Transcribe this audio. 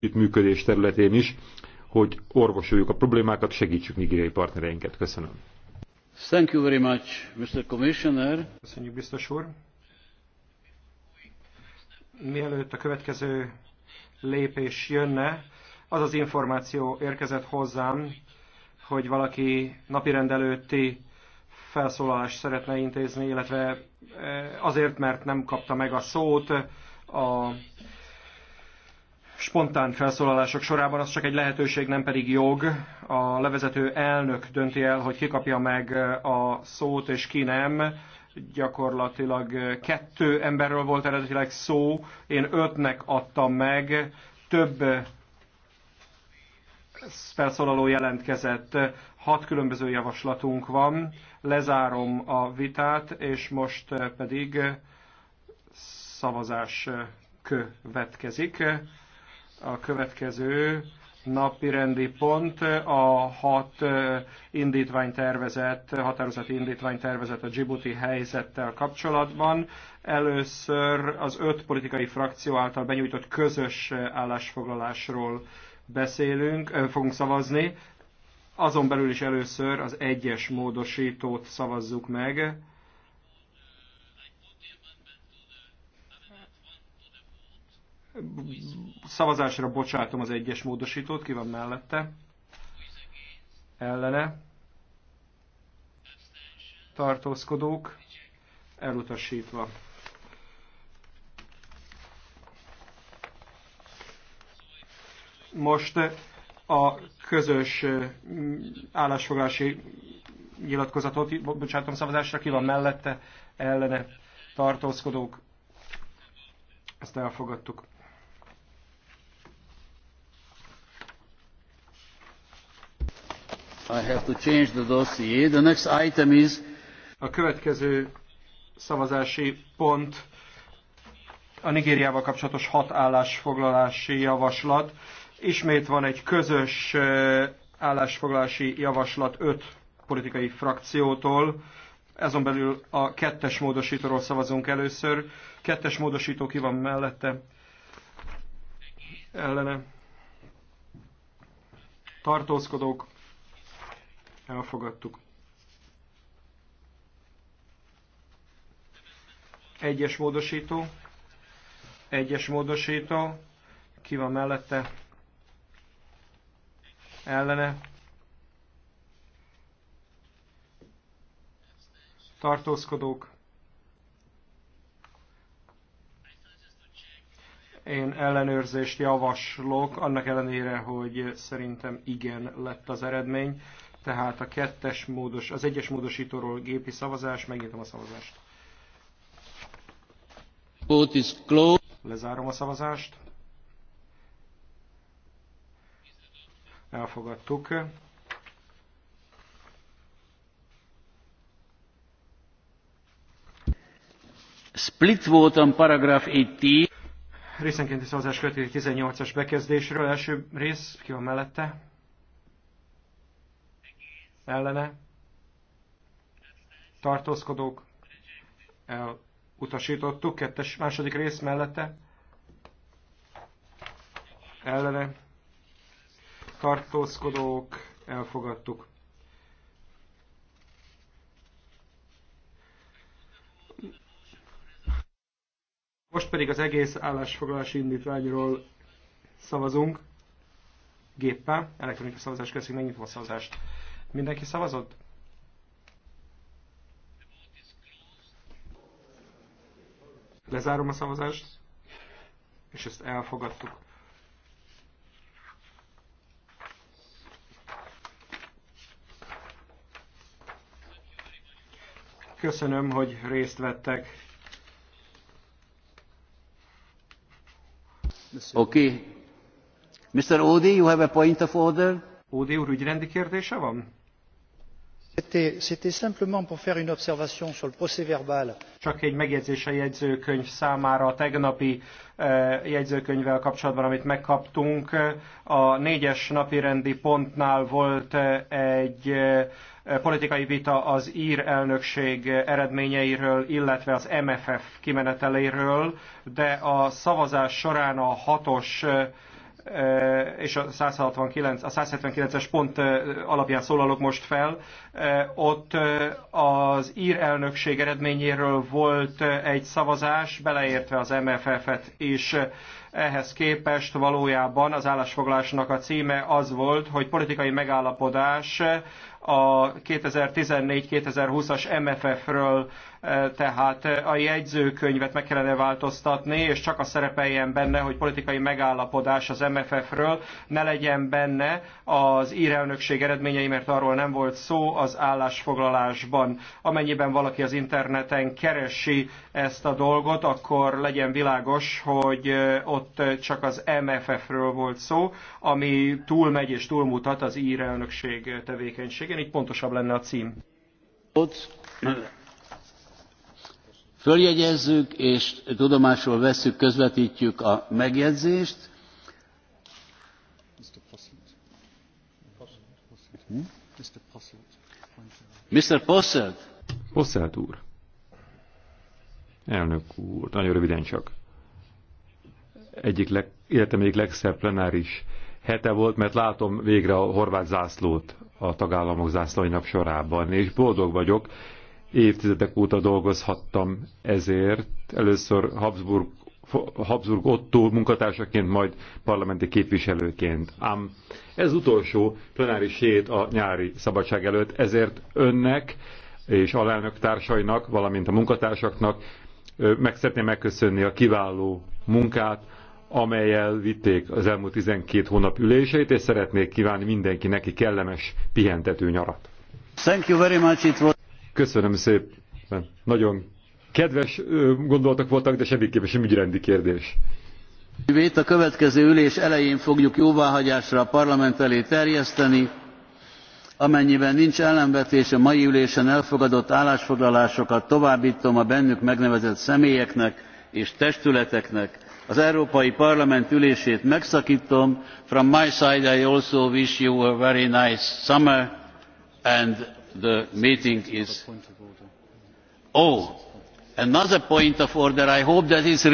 működés területén is, hogy orvosoljuk a problémákat, segítsük nigériai partnereinket. Köszönöm. Thank you very much, Mr. Commissioner. Köszönjük, biztos úr. Mielőtt a következő lépés jönne, az az információ érkezett hozzám, hogy valaki napirendelőtti felszólalást szeretne intézni, illetve eh, azért, mert nem kapta meg a szót a spontán felszólalások sorában az csak egy lehetőség, nem pedig jog. A levezető elnök dönti el, hogy ki kapja meg a szót és ki nem. Gyakorlatilag kettő emberről volt eredetileg szó, én ötnek adtam meg, több felszólaló jelentkezett, hat különböző javaslatunk van, lezárom a vitát, és most pedig szavazás következik a következő napi rendi pont a hat indítványtervezet, határozati indítványtervezet a Djibouti helyzettel kapcsolatban. Először az öt politikai frakció által benyújtott közös állásfoglalásról beszélünk, fogunk szavazni. Azon belül is először az egyes módosítót szavazzuk meg. Szavazásra bocsátom az egyes módosítót, ki van mellette? Ellene? Tartózkodók? Elutasítva. Most a közös mm, állásfoglalási nyilatkozatot, bocsátom, szavazásra ki van mellette, ellene tartózkodók. Ezt elfogadtuk. I have to change the dossier. The next item is... A következő szavazási pont a Nigériával kapcsolatos hat állásfoglalási javaslat. Ismét van egy közös állásfoglalási javaslat öt politikai frakciótól. Ezon belül a kettes módosítóról szavazunk először. Kettes módosító ki van mellette? Ellene. Tartózkodók elfogadtuk. Egyes módosító, egyes módosító, ki van mellette, ellene, tartózkodók, én ellenőrzést javaslok, annak ellenére, hogy szerintem igen lett az eredmény tehát a kettes módos, az egyes módosítóról gépi szavazás, megnyitom a szavazást. Vote is closed. Lezárom a szavazást. Elfogadtuk. Split vote on paragraph 18. Részenkénti szavazás következik 18-as bekezdésről. Első rész, ki van mellette? ellene, tartózkodók, elutasítottuk, kettes második rész mellette, ellene, tartózkodók, elfogadtuk. Most pedig az egész állásfoglalási indítványról szavazunk géppel. Elektronikus szavazás, köszönjük, megnyitom a szavazást. Mindenki szavazott? Lezárom a szavazást, és ezt elfogadtuk. Köszönöm, hogy részt vettek. Oké. Okay. Mr. Odi, you have a point of order? Odi úr, ügyrendi kérdése van? Csak egy megjegyzés a jegyzőkönyv számára a tegnapi eh, jegyzőkönyvvel kapcsolatban, amit megkaptunk. A négyes napi rendi pontnál volt eh, egy eh, politikai vita az ír elnökség eredményeiről, illetve az MFF kimeneteléről, de a szavazás során a hatos Eh, és a, 169, a 179-es pont eh, alapján szólalok most fel, eh, ott az ír elnökség eredményéről volt egy szavazás, beleértve az MFF-et is. Ehhez képest valójában az állásfoglalásnak a címe az volt, hogy politikai megállapodás a 2014-2020-as MFF-ről, e, tehát a jegyzőkönyvet meg kellene változtatni, és csak a szerepeljen benne, hogy politikai megállapodás az MFF-ről, ne legyen benne az írelnökség eredményei, mert arról nem volt szó az állásfoglalásban. Amennyiben valaki az interneten keresi ezt a dolgot, akkor legyen világos, hogy e, ott csak az MFF-ről volt szó, ami túlmegy és túlmutat az írelnökség tevékenységén beszél, így pontosabb lenne a cím. Följegyezzük és tudomásról veszük, közvetítjük a megjegyzést. Mr. Hm? Posselt? Posselt úr. Elnök úr, nagyon röviden csak. Egyik leg, életem egyik legszebb plenáris hete volt, mert látom végre a horvát zászlót a tagállamok zászlóinak sorában, és boldog vagyok, évtizedek óta dolgozhattam ezért. Először Habsburg, Habsburg Otto munkatársaként, majd parlamenti képviselőként. Ám ez utolsó plenáris hét a nyári szabadság előtt, ezért önnek és alelnök társainak, valamint a munkatársaknak meg szeretném megköszönni a kiváló munkát, amelyel vitték az elmúlt 12 hónap üléseit, és szeretnék kívánni mindenki neki kellemes, pihentető nyarat. Thank you very much. It was... Köszönöm szépen. Nagyon kedves gondolatok voltak, de semmiképpen sem ügyrendi kérdés. Itt a következő ülés elején fogjuk jóváhagyásra a parlament elé terjeszteni. Amennyiben nincs ellenvetés a mai ülésen elfogadott állásfoglalásokat továbbítom a bennük megnevezett személyeknek és testületeknek, az európai parlament ülését megszaktom. from my side i also wish you a very nice summer and the meeting is oh another point of order i hope that is really